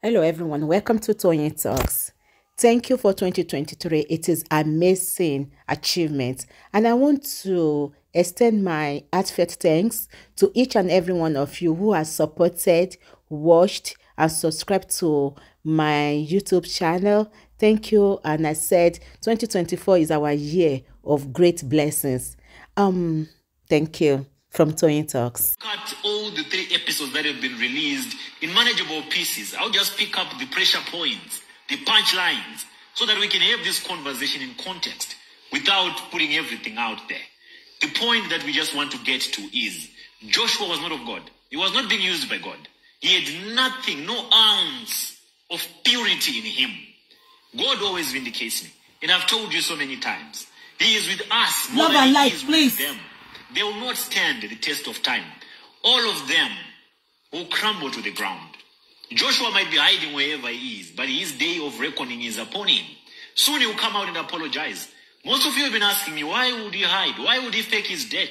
Hello everyone, welcome to Tony Talks. Thank you for 2023. It is amazing achievement and I want to extend my heartfelt thanks to each and every one of you who has supported, watched and subscribed to my YouTube channel. Thank you and I said 2024 is our year of great blessings. Um thank you from Tony Talks. Cut the three episodes that have been released in manageable pieces. I'll just pick up the pressure points, the punchlines, so that we can have this conversation in context without putting everything out there. The point that we just want to get to is Joshua was not of God. He was not being used by God. He had nothing, no ounce of purity in him. God always vindicates me. And I've told you so many times. He is with us more Love than and life, he is please. with them. They will not stand the test of time all of them will crumble to the ground. Joshua might be hiding wherever he is, but his day of reckoning is upon him. Soon he will come out and apologize. Most of you have been asking me, why would he hide? Why would he fake his death?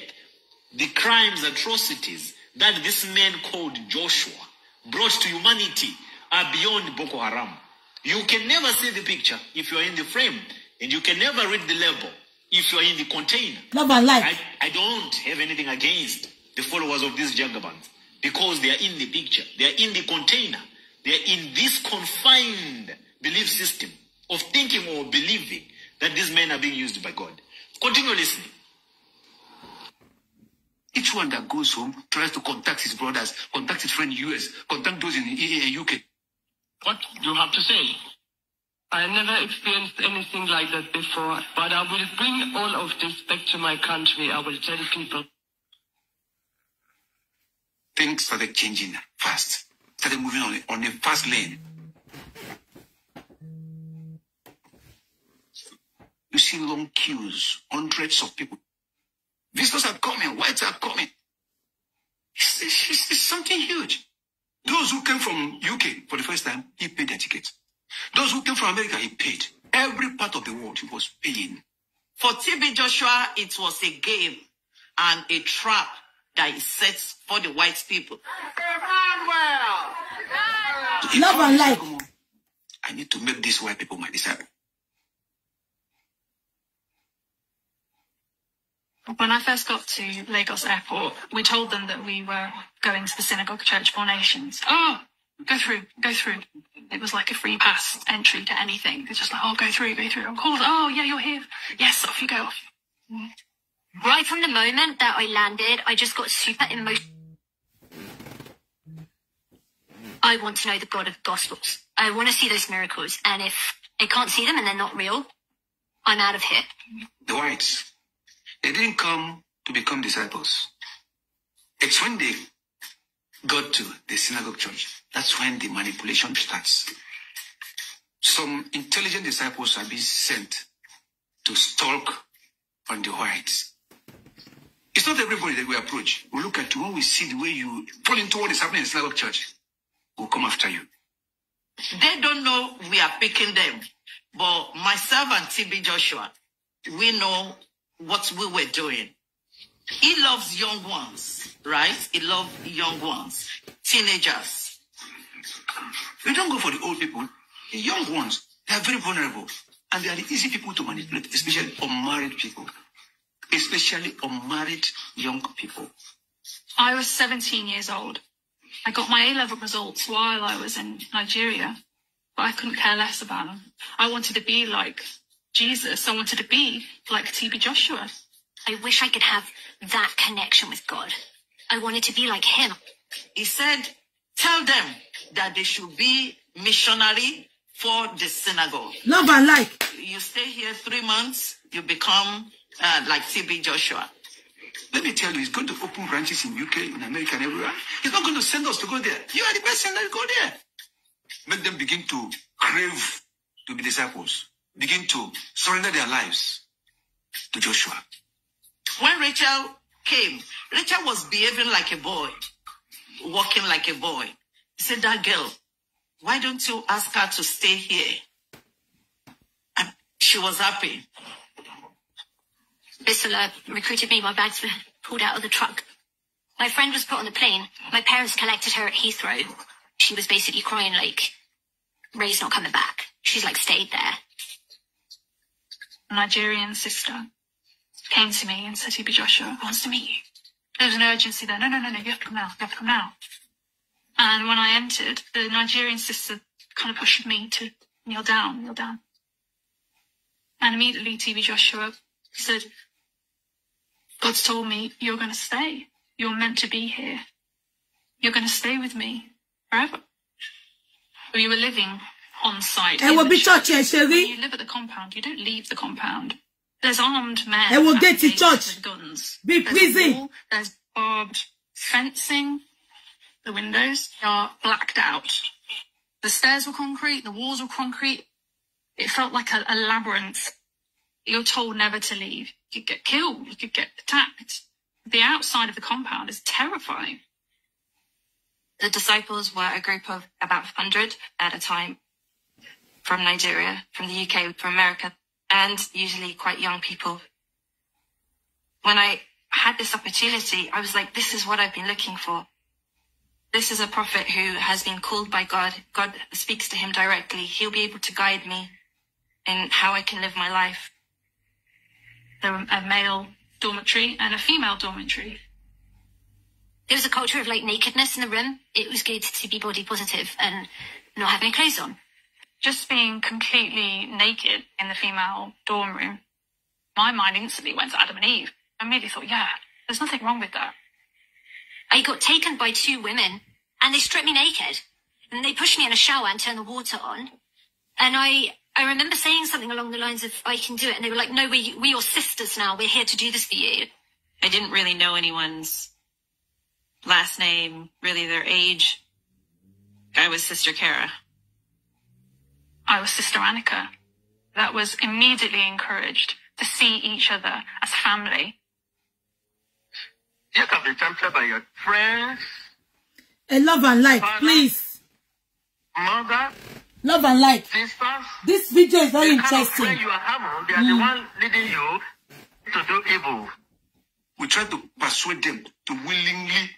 The crimes, atrocities that this man called Joshua brought to humanity are beyond Boko Haram. You can never see the picture if you are in the frame, and you can never read the label if you are in the container. Love and life. I, I don't have anything against the followers of these Jagabans because they are in the picture, they are in the container, they are in this confined belief system of thinking or believing that these men are being used by God. Continue listening. Each one that goes home tries to contact his brothers, contact his friend US, contact those in the UK. What do you have to say? I never experienced anything like that before, but I will bring all of this back to my country. I will tell people things started changing fast. Started moving on, on a fast lane. You see long queues, hundreds of people. Visitors are coming, whites are coming. It's, it's, it's, something huge. Those who came from UK for the first time, he paid their ticket. Those who came from America, he paid. Every part of the world, he was paying. For TB Joshua, it was a game and a trap that he sets for the white people. Love and light. I need to make these white people my disciple. When I first got to Lagos Airport, we told them that we were going to the synagogue church nations. Oh, go through, go through. It was like a free pass entry to anything. They're just like, oh, go through, go through. I'm called. Oh, yeah, you're here. Yes, off you go. Off. Right from the moment that I landed, I just got super emotional. I want to know the God of Gospels. I want to see those miracles. And if I can't see them and they're not real, I'm out of here. The whites, they didn't come to become disciples. It's when they got to the synagogue church, that's when the manipulation starts. Some intelligent disciples are being sent to stalk on the whites it's not everybody that we approach. We look at you when we see the way you fall into what is happening in the synagogue church. We'll come after you. They don't know we are picking them. But myself and TB Joshua, we know what we were doing. He loves young ones, right? He loves young ones, teenagers. We don't go for the old people. The young ones, they are very vulnerable. And they are the easy people to manipulate, especially unmarried people especially unmarried young people? I was 17 years old. I got my A-level results while I was in Nigeria, but I couldn't care less about them. I wanted to be like Jesus. I wanted to be like TB Joshua. I wish I could have that connection with God. I wanted to be like him. He said, tell them that they should be missionary for the synagogue. Love and like. You stay here three months, you become uh, like CB Joshua? Let me tell you, he's going to open branches in UK, in America, and everywhere. He's not going to send us to go there. You are the person, that us go there. Make them begin to crave to be disciples, begin to surrender their lives to Joshua. When Rachel came, Rachel was behaving like a boy, walking like a boy. He said, That girl, why don't you ask her to stay here? And she was happy. Bissola recruited me. My bags were pulled out of the truck. My friend was put on the plane. My parents collected her at Heathrow. She was basically crying like, Ray's not coming back. She's like stayed there. A Nigerian sister came to me and said, Hebe Joshua wants to meet you. There was an urgency there. No, no, no, no, you have to come now. You have to come now. And when I entered, the Nigerian sister kind of pushed me to kneel down, kneel down. And immediately TV Joshua said, God's told me, you're going to stay. You're meant to be here. You're going to stay with me forever. We were living on site. Ẹ will be church You live at the compound. You don't leave the compound. There's armed men. Ẹ wo to church. guns. Be prison. Wall, there's barbed fencing. The windows are blacked out. The stairs were concrete. The walls were concrete. It felt like a, a labyrinth. You're told never to leave. You could get killed, you could get attacked. The outside of the compound is terrifying. The disciples were a group of about 100 at a time from Nigeria, from the UK, from America, and usually quite young people. When I had this opportunity, I was like, this is what I've been looking for. This is a prophet who has been called by God. God speaks to him directly. He'll be able to guide me in how I can live my life. There were a male dormitory and a female dormitory. There was a culture of like nakedness in the room. It was good to be body positive and not have any clothes on. Just being completely naked in the female dorm room, my mind instantly went to Adam and Eve. I immediately thought, yeah, there's nothing wrong with that. I got taken by two women and they stripped me naked and they pushed me in a shower and turned the water on. And I I remember saying something along the lines of, I can do it. And they were like, no, we, we're your sisters now. We're here to do this for you. I didn't really know anyone's last name, really their age. I was Sister Kara. I was Sister Annika. That was immediately encouraged to see each other as family. You can be tempted by your friends. A love and life, please. Mother, Love and like. this video is very interesting. you are having, they are mm. the hmm. one leading you to do evil. We try to persuade them to willingly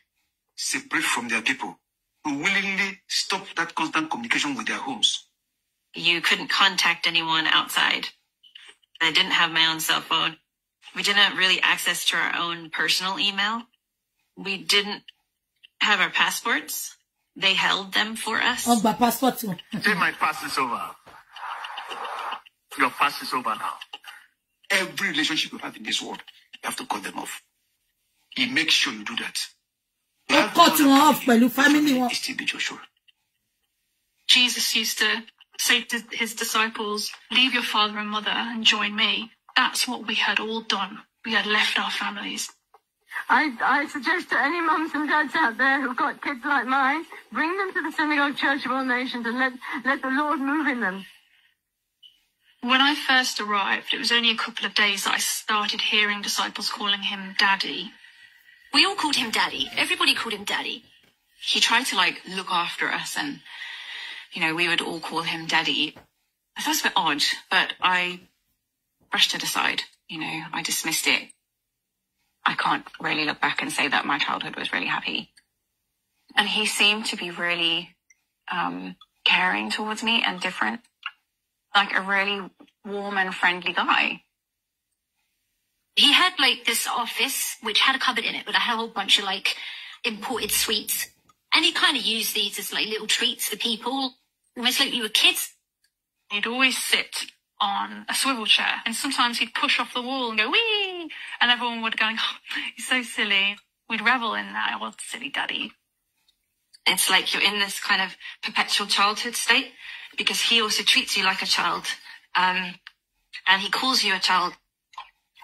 separate from their people, to willingly stop that constant communication with their homes. You couldn't contact anyone outside. I didn't have my own cell phone. We didn't really access to our own personal email. We didn't have our passports. They held them for us. Oh, Ọgbà passport wọn. Say my pass is over. Your pass is over now. Every relationship you have in this world, you have to cut them off. He makes sure you do that. Ó cut them off pẹ̀lú family wọn. Still be Joshua. Jesus used to say to his disciples, leave your father and mother and join me. That's what we had all done. We had left our families. I, I suggest to any mums and dads out there who've got kids like mine, bring them to the Synagogue Church of All Nations and let, let the Lord move in them. When I first arrived, it was only a couple of days that I started hearing disciples calling him Daddy. We all called him Daddy. Everybody called him Daddy. He tried to like look after us and, you know, we would all call him Daddy. I thought it was a bit odd, but I brushed it aside. You know, I dismissed it. I can't really look back and say that my childhood was really happy. And he seemed to be really um, caring towards me and different, like a really warm and friendly guy. He had like this office which had a cupboard in it with a whole bunch of like imported sweets. And he kind of used these as like little treats for people, almost like we were kids. He'd always sit on a swivel chair and sometimes he'd push off the wall and go, wee! And everyone would going, oh, he's so silly. We'd revel in that. Well, silly daddy. It's like you're in this kind of perpetual childhood state because he also treats you like a child. Um, and he calls you a child.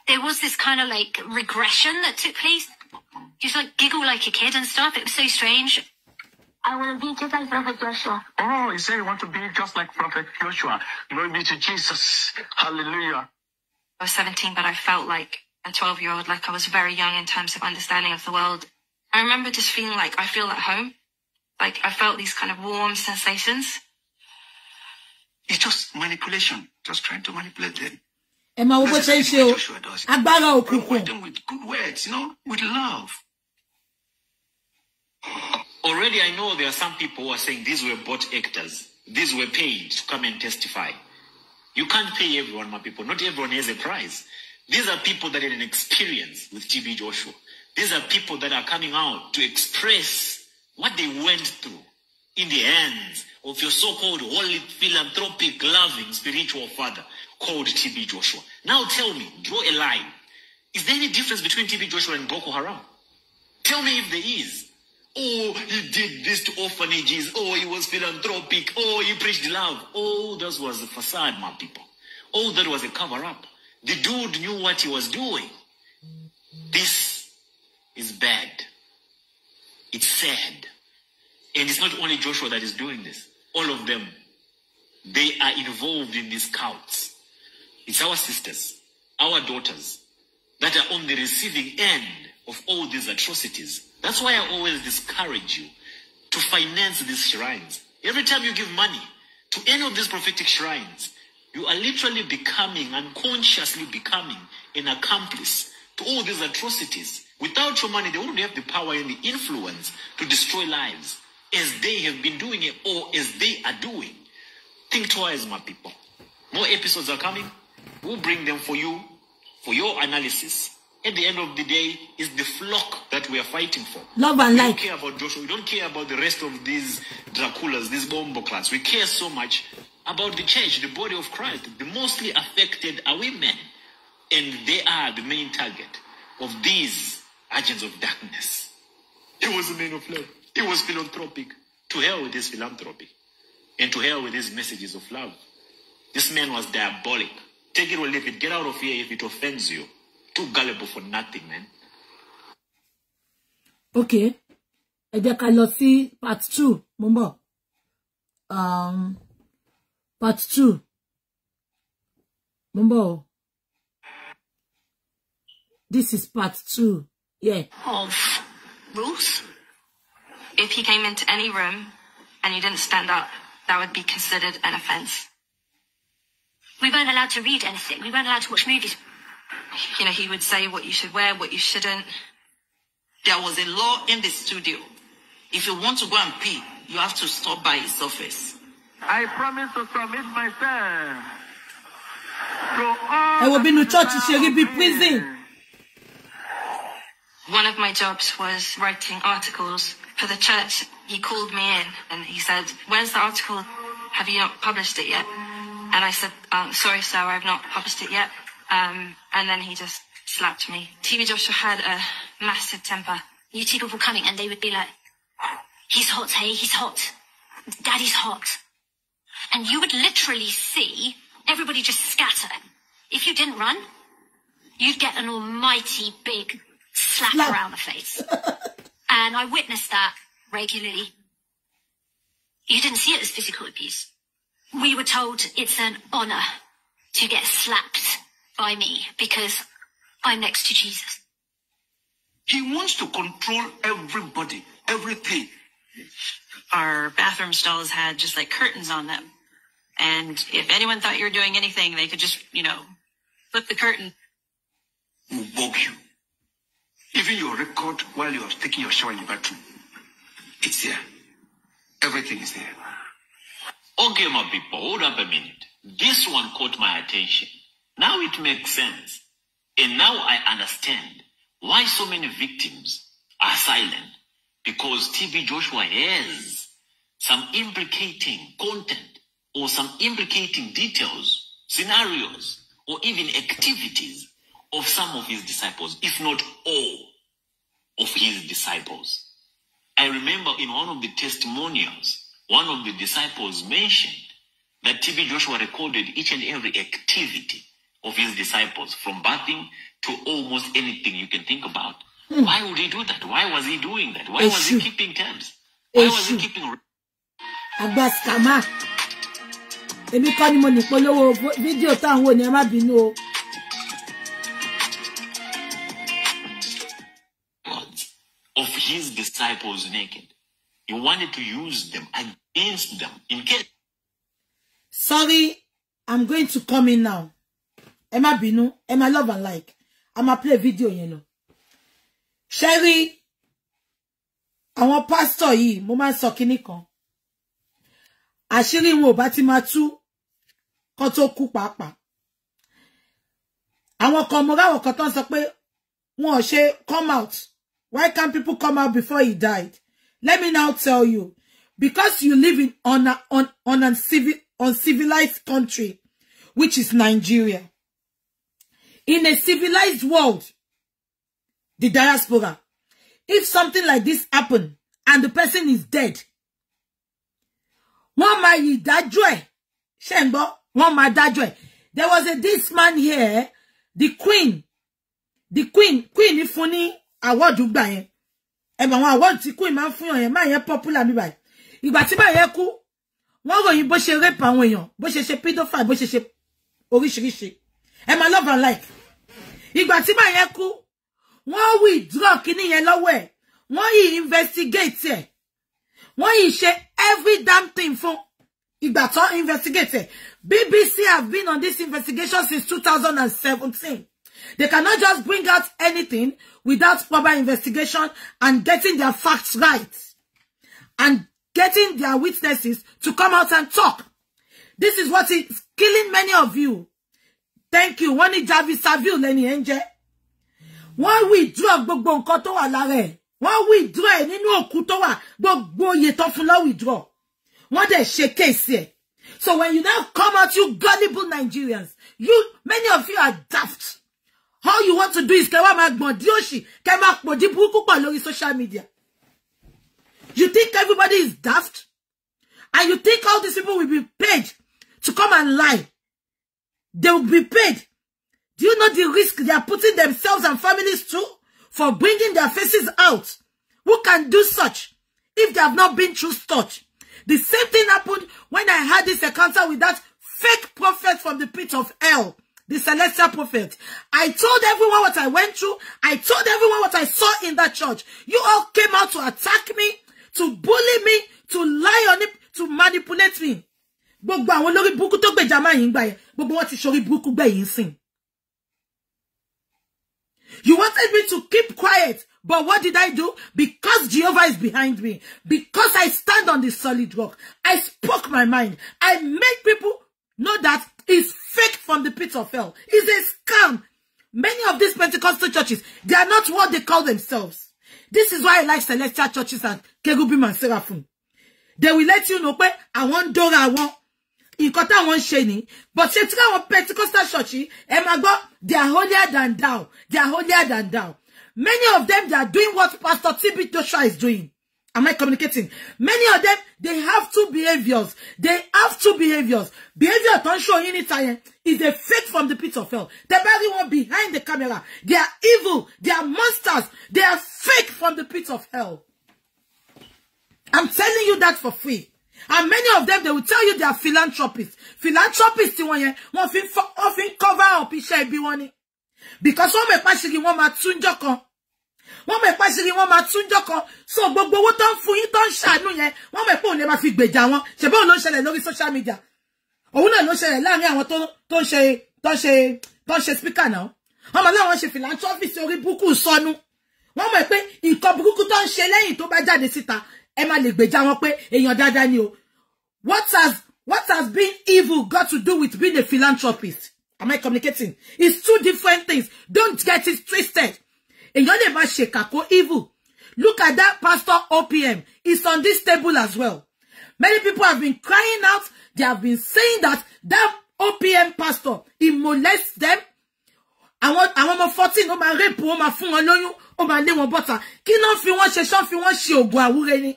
There was this kind of like regression that took place. Just like giggle like a kid and stuff. It was so strange. I want to be just like Prophet Joshua. Oh, you say you want to be just like Prophet Joshua. Glory be to Jesus. Hallelujah. I was 17, but I felt like a 12 year old, like I was very young in terms of understanding of the world. I remember just feeling like I feel at home. Like I felt these kind of warm sensations. It's just manipulation, just trying to manipulate them. ẹ máa wo bó with good words you know with love. already i know there are some people who are saying these were bought actors these were paid to come and testify you can't pay everyone my people not everyone has a price these are people that had an experience with TB Joshua. These are people that are coming out to express what they went through in the hands of your so-called holy philanthropic loving spiritual father called TB Joshua. Now tell me, draw a line. Is there any difference between TB Joshua and Boko Haram? Tell me if there is. Oh, he did this to orphanages. Oh, he was philanthropic. Oh, he preached love. Oh, that was a facade, my people. Oh, that was a cover-up. The dude knew what he was doing. This is bad. It's sad. And it's not only Joshua that is doing this. All of them, they are involved in these cults. It's our sisters, our daughters, that are on the receiving end of all these atrocities. That's why I always discourage you to finance these shrines. Every time you give money to any of these prophetic shrines, you are literally becoming, unconsciously becoming, an accomplice to all these atrocities. Without your money, they wouldn't have the power and the influence to destroy lives as they have been doing it or as they are doing. Think twice, my people. More episodes are coming. We'll bring them for you for your analysis. At the end of the day, it's the flock that we are fighting for. Love and light. We don't care about Joshua. We don't care about the rest of these Draculas, these clans. We care so much about the church, the body of Christ. The mostly affected are women. And they are the main target of these agents of darkness. He was a man of love. He was philanthropic. To hell with his philanthropy. And to hell with his messages of love. This man was diabolic. Take it or leave it. Get out of here if it offends you too gullible for nothing, man. Okay. I jẹ́ ká see part two, mumbo. Um, part two. mumbo. This is part two. Yeah. Of rules? If he came into any room and you didn't stand up, that would be considered an offence. We weren't allowed to read anything. We weren't allowed to watch movies you know, he would say what you should wear, what you shouldn't. There was a law in the studio. If you want to go and pee, you have to stop by his office. I promise to submit myself to all. I will be in church, she will be prison. One of my jobs was writing articles for the church. He called me in and he said, "Where's the article? Have you not published it yet? And I said, um, Sorry, sir, I've not published it yet. Um, and then he just slapped me. TV Joshua had a massive temper. see people coming and they would be like, he's hot, hey, he's hot. Daddy's hot. And you would literally see everybody just scatter. If you didn't run, you'd get an almighty big slap around the face. and I witnessed that regularly. You didn't see it as physical abuse. We were told it's an honor to get slapped by me because I'm next to Jesus. He wants to control everybody, everything. Our bathroom stalls had just like curtains on them. And if anyone thought you were doing anything, they could just, you know, flip the curtain. Will bug you. Even your record while you are taking your shower in the bathroom. It's there. Everything is there. Okay, my people, hold up a minute. This one caught my attention. Now it makes sense. And now I understand why so many victims are silent because TB Joshua has some implicating content or some implicating details, scenarios, or even activities of some of his disciples, if not all of his disciples. I remember in one of the testimonials, one of the disciples mentioned that TB Joshua recorded each and every activity of his disciples from bathing to almost anything you can think about. Mm. Why would he do that? Why was he doing that? Why was he keeping tabs? Why was he keeping. kama, Èmi kọ́ ni mo nìpolówó fídíò táwọn wo ni ẹ má bínú o. Of his disciples naked. He wanted to use them against them in case. Sorry, I'm going to come in now. ẹ má bínú ẹ má love and like I'ma play video yẹn lọ ṣẹ́rí àwọn pásítọ̀ yìí mo máa ń sọ kinní kan àṣírí wọn ò bá ti máa tú kó tó kú pàápàá àwọn kan mo ráwọ̀ come out why can't people come out before he died let me now tell you because you live in on a, on on a civil, uncivilized country which is Nigeria in a civilized world, the diaspora, if something like this happened and the person is dead, wọ́n máa yí dájọ́ ẹ̀ ṣe ń gbọ́ wọ́n there was a this man here the queen the queen queen fún ní award gbà yẹn ẹ mọ̀ àwọn award tí queen máa ń fún yẹn máa popular mi báyìí ìgbà ba báyìí yẹn kú wọ́n ròyìn bó ṣe rape àwọn èèyàn bó ṣe ṣe pedophile bó ṣe ṣe oríṣiríṣi ẹ máa love and like ìgbà tí màá yẹn kú wọ́n withdraw kíní yẹn lọ́wọ́ ẹ̀ wọ́n yìí investigate ẹ̀ wọ́n yìí ṣe every damn thing fún ìgbà tó investigate BBC have been on this investigation since 2017. They cannot just bring out anything without proper investigation and getting their facts right and getting their witnesses to come out and talk. This is what is killing many of you thank you wọ́n ní javi saville lẹ́ni ẹ̀ ń jẹ́ wọ́n withdraw gbogbo nǹkan tó wà lára ẹ̀ wọ́n withdraw ẹ̀ nínú òkú tó wà gbogbo oyè tó fún lọ́ withdraw wọ́n dẹ̀ ṣe kéèsì ẹ̀ so when you now come out you gullible Nigerians you many of you are daft all you want to do is kẹ́ wá máa gbọ̀n dí òṣì kẹ́ máa pò dí burúkú pọ̀ lórí social media you think everybody is daft and you think all these people will be paid to come and lie They will be paid. Do you know the risk they are putting themselves and families to for bringing their faces out? Who can do such if they have not been through such? The same thing happened when I had this encounter with that fake prophet from the pit of hell, the celestial prophet. I told everyone what I went through. I told everyone what I saw in that church. You all came out to attack me, to bully me, to lie on it, to manipulate me gbogbo àwọn lórí burúkú tó gbèjà máa yín gbà yẹn gbogbo wọn ti ṣorí burúkú gbẹ̀yìn sìn. You wanted me to keep quiet, but what did I do? Because Jehovah is behind me, because I stand on the solid rock, I spoke my mind. I made people know that it's fake from the pit of hell. It's a scam. Many of these Pentecostal churches, they are not what they call themselves. This is why I like celestial churches and Kerubim and Seraphim. They will let you know, I want Dora, I want nǹkan táwọn ń ṣe ni but ṣe tí káwọn Pentecostal church yìí ẹ máa gbọ́ they are holier than thou they are holier than thou many of them they are doing what Pastor TB Joshua is doing am I communicating many of them they have two behaviours they have two behaviours behaviour tó ń ṣe òyìn níta yẹn is a fake from the pit of hell the very one behind the camera they are evil they are monsters they are fake from the pit of hell I'm telling you that for free and many of them they will tell you they are philanthropists philanthropists tí wọ́n yẹn wọ́n fi wọ́n fi cover up iṣẹ́ ibi wọn ni because wọ́n mọ̀ ìpàṣírí wọ́n máa túnjọ́ kan wọ́n mọ̀ ìpàṣírí wọ́n máa túnjọ́ kan so gbogbo owó tó ń fún yín tó ń ṣàánú yẹn wọ́n mọ̀ ìpò òun lè máa fi gbèjà wọn ṣèbí òun ló ń ṣẹlẹ̀ lórí social media òun náà ló ń ṣẹlẹ̀ láàrin àwọn tó ń ṣe tó ń ṣe tó ń ṣe speaker náà wọ́n mọ̀ philanthropists ṣe philanthropist orí burúkú sọnù wọ́n mọ̀ pé nǹkan burúkú tó ń ṣe lẹ́yìn tó bá jáde síta ẹ má lè gbèjà wọn pé èèyàn dáadáa ni o what has what has been evil got to do with being a philanthropist am I communicating it's two different things don't get it twisted èèyàn lè má ṣe kàkó evil look at that pastor OPM he's on this table as well many people have been crying out they have been saying that that OPM pastor he molest them àwọn àwọn ọmọ fourteen ó máa rape ó máa fún wọn lóyún ó máa lé wọn bọ́ta kí náà fi wọ́n ṣe ṣán fi wọ́n ṣe oògùn àwúre ni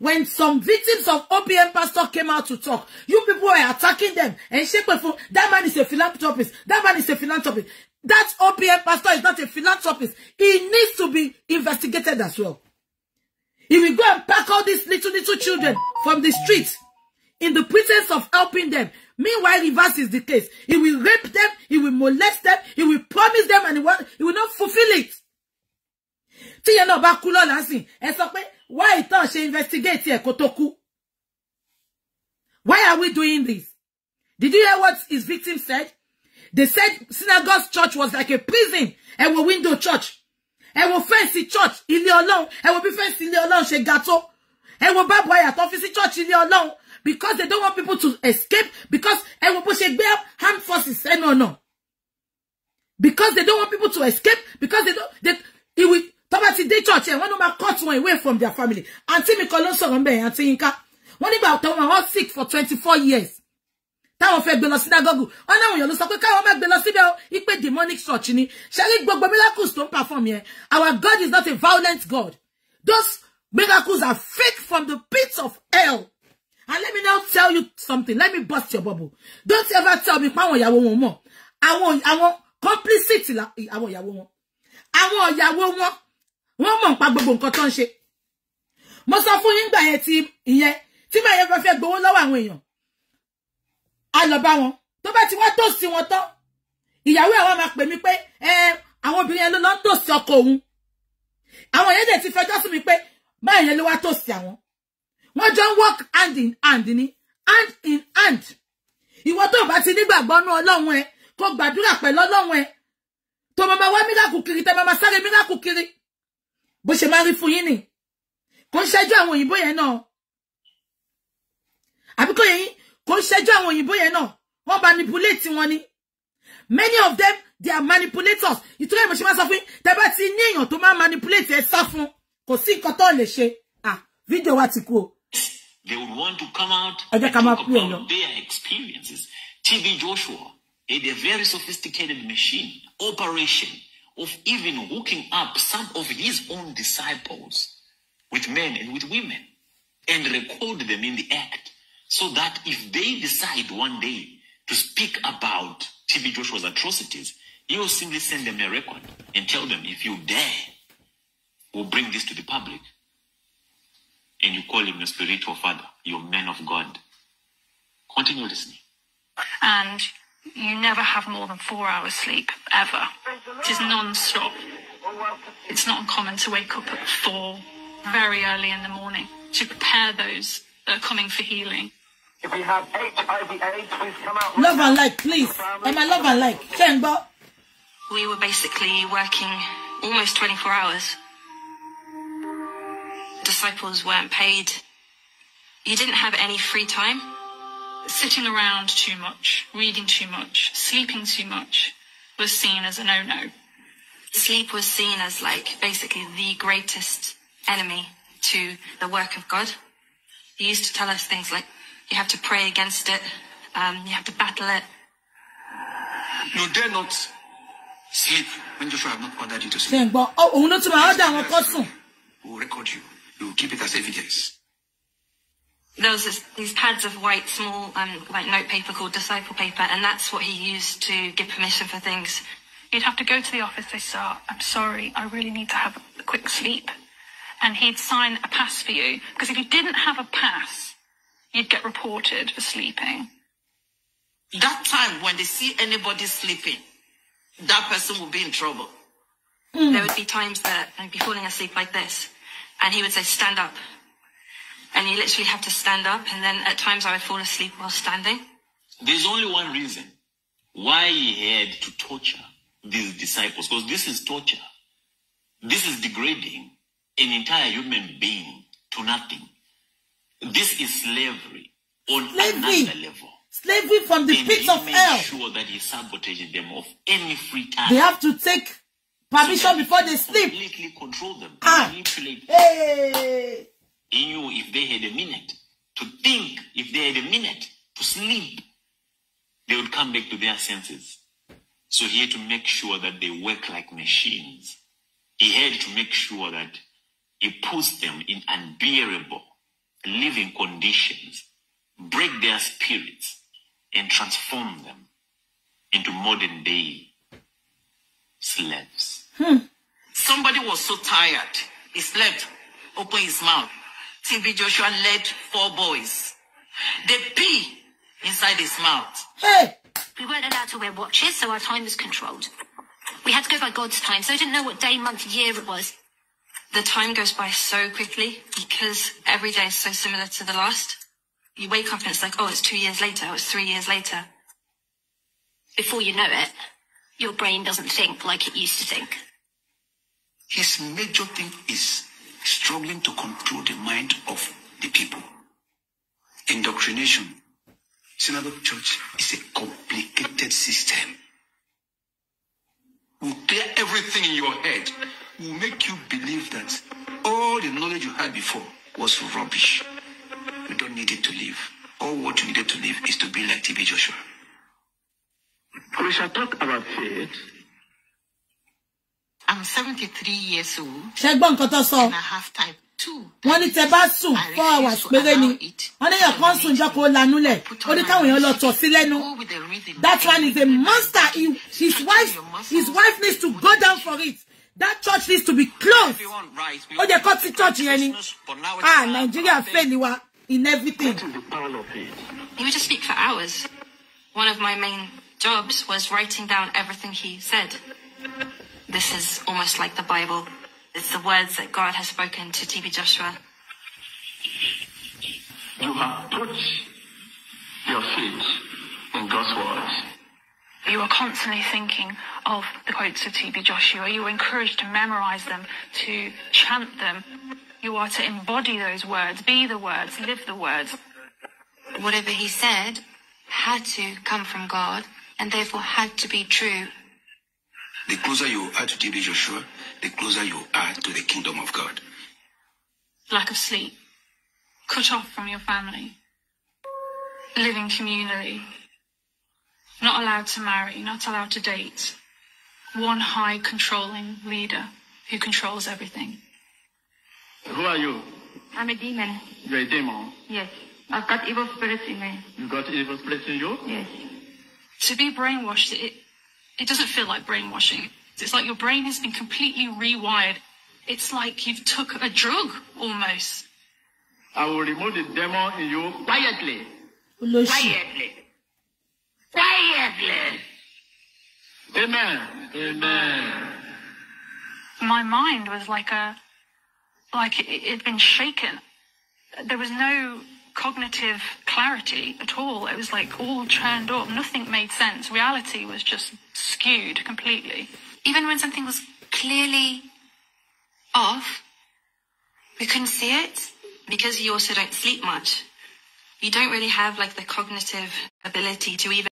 when some victims of OPM pastor came out to talk, you people were attacking them and shaping for that man is a philanthropist. That man is a philanthropist. That OPM pastor is not a philanthropist. He needs to be investigated as well. He will go and pack all these little, little children from the streets, in the pretense of helping them. Meanwhile, reverse is the case. He will rape them, he will molest them, he will promise them, and he will, he will not fulfill it why ìtàn ṣe investigate ẹ̀ kó tó why are we doing this did you hear what his victim said they said synagogue's church was like a prison and a window church and wo fancy church ilé ọlọ́run ẹ wo bí fancy ilé ọlọ́run ṣe ga tó ẹ wo báàbò àyàtọ̀ fi sí church the alone because they don't want people to escape because and we push a gbé hand forces ẹnu no because they don't want people to escape because they don't they, it will tó bá dé church ẹ̀ wọ́n ló máa cut wọn away from their family Auntie, mi kan ló ń sọ̀rọ̀ ń bẹ̀ yẹn àǹtí Yínká wọ́n nígbà tó wọn wọ́n sick for twenty four years táwọn fẹ́ gbé lọ sínágọ́gù wọ́n náà wòyàn ló sọ pé káwọn má gbé lọ síbẹ̀ o ipe demonic church ni ṣẹ́rí gbogbo miracles tó perform here. our God is not a violent God those miracles are fake from the pits of hell and let me now tell you something let me bust your bubble don't ever tell me pé àwọn ìyàwó wọn mọ̀ àwọn àwọn complicity àwọn ìyàwó wọn àwọn ìyàwó wọn wọ́n mọ̀ nípa gbogbo nǹkan tó ń ṣe mo sọ fún yín gbà yẹn ti ìyẹn tí màyẹn bá fẹ́ gbowó lọ́wọ́ àwọn èèyàn a lọ bá wọn tó bá ti wá tòsí wọn tán ìyàwó àwọn máa pè mí pé ẹ àwọn obìnrin yẹn ló lọ ń tòsí ọkọ òun àwọn yẹn dẹ̀ ti fẹjọ́ sí mi pé báyìí yẹn ló wá tòsí àwọn wọ́n jọ ń work hand in hand ni hand in hand ìwọ tó bá ti nígbàgbọ́ nú ọlọ́run ẹ kó gbàdúrà pẹ̀lú ọlọ́run ẹ tó máa wá mílàkù kiri tẹ máa sáré mílàkù kiri bó ṣe máa rí fún yín nì kò ń ṣẹ́jú àwọn òyìnbó yẹn náà àbí kò yẹ yín kò ń ṣẹ́jú àwọn òyìnbó manipulate wọn ni many of them they are manipulators ìtura ìmọ̀ ṣe máa sọ fún yín tẹ́ ti ní èèyàn tó máa manipulate ẹ sá fún kò sí nǹkan tó lè ṣe ah fídíò wa ti kú o. They would want to come out and talk about their experiences. TV Joshua, a very sophisticated machine, operation, of even hooking up some of his own disciples with men and with women and record them in the act so that if they decide one day to speak about TB Joshua's atrocities, he will simply send them a record and tell them, if you dare, we'll bring this to the public. And you call him your spiritual father, your man of God. Continue listening. And you never have more than four hours sleep ever. It is non-stop. It's not uncommon to wake up at four, very early in the morning, to prepare those that are coming for healing. If you have HIV/AIDS, please come out. Love and light, please. Am I love and like? Chamber. We were basically working almost 24 hours. Disciples weren't paid. You didn't have any free time sitting around too much, reading too much, sleeping too much was seen as a no no. Sleep was seen as like basically the greatest enemy to the work of God. He used to tell us things like, you have to pray against it, um, you have to battle it. You dare not sleep when Joshua have not ordered you to sleep. Then, but, oh, oh, not to my order, I'll record you. We will record you. We will keep it as evidence there was this, these pads of white, small, um, like notepaper called disciple paper, and that's what he used to give permission for things. You'd have to go to the office, say, sir, I'm sorry, I really need to have a quick sleep. And he'd sign a pass for you, because if you didn't have a pass, you'd get reported for sleeping. That time, when they see anybody sleeping, that person will be in trouble. Mm. There would be times that I'd be falling asleep like this, and he would say, stand up, and you literally have to stand up. And then at times I would fall asleep while standing. There's only one reason why he had to torture these disciples, because this is torture. This is degrading an entire human being to nothing. This is slavery on slavery. another level. Slavery from the and pits of hell. sure that he sabotages them of any free time. They have to take permission so before they sleep. Completely control them. Ah. Manipulate. Hey in you if they had a minute to think, if they had a minute to sleep, they would come back to their senses. So he had to make sure that they work like machines. He had to make sure that he puts them in unbearable living conditions, break their spirits, and transform them into modern day slaves. Hmm. Somebody was so tired, he slept, opened his mouth, TB Joshua led four boys. They pee inside his mouth. Hey. We weren't allowed to wear watches, so our time was controlled. We had to go by God's time, so I didn't know what day, month, year it was. The time goes by so quickly because every day is so similar to the last. You wake up and it's like, oh, it's two years later, oh, it's three years later. Before you know it, your brain doesn't think like it used to think. His major thing is struggling to control the mind of the people. Indoctrination. Synagogue church is a complicated system. Will clear everything in your head. Will make you believe that all the knowledge you had before was rubbish. You don't need it to live. All what you needed to live is to be like TB Joshua. We shall talk about faith I'm seventy three years old. ṣé gbọ́ nǹkan tó sọ. and I have type two. wọ́n ní tẹ bá sùn four hours péré ni wọ́n ní ẹ̀kọ́ ń sùn jọ́kọ̀ lanúlẹ̀ ó ní káwọn èèyàn lọ tọ̀ sí lẹ́nu. that one is a monster he, his wife his wife needs to go down for it. That church needs to be closed. Ó jẹ́ kó ti church yẹn ni. Ah, Nigeria fail wa in everything. He would just speak for hours. One of my main jobs was writing down everything he said. this is almost like the Bible. It's the words that God has spoken to TB Joshua. You have put your faith in God's words. You are constantly thinking of the quotes of TB Joshua. You are encouraged to memorize them, to chant them. You are to embody those words, be the words, live the words. Whatever he said had to come from God and therefore had to be true the closer you are to T.B. Joshua, the closer you are to the kingdom of God. Lack of sleep. Cut off from your family. Living communally. Not allowed to marry, not allowed to date. One high controlling leader who controls everything. Who are you? I'm a demon. You're a demon? Yes. I've got evil spirits in me. You got evil spirits in you? Yes. To be brainwashed, it, it doesn't feel like brainwashing. It's like your brain has been completely rewired. It's like you've took a drug almost. I will remove the demon in you quietly. Quietly. Quietly. quietly. Amen. Amen. My mind was like a, like it had been shaken. There was no cognitive clarity at all. It was like all churned up. Nothing made sense. Reality was just skewed completely. Even when something was clearly off, we couldn't see it because you also don't sleep much. You don't really have like the cognitive ability to even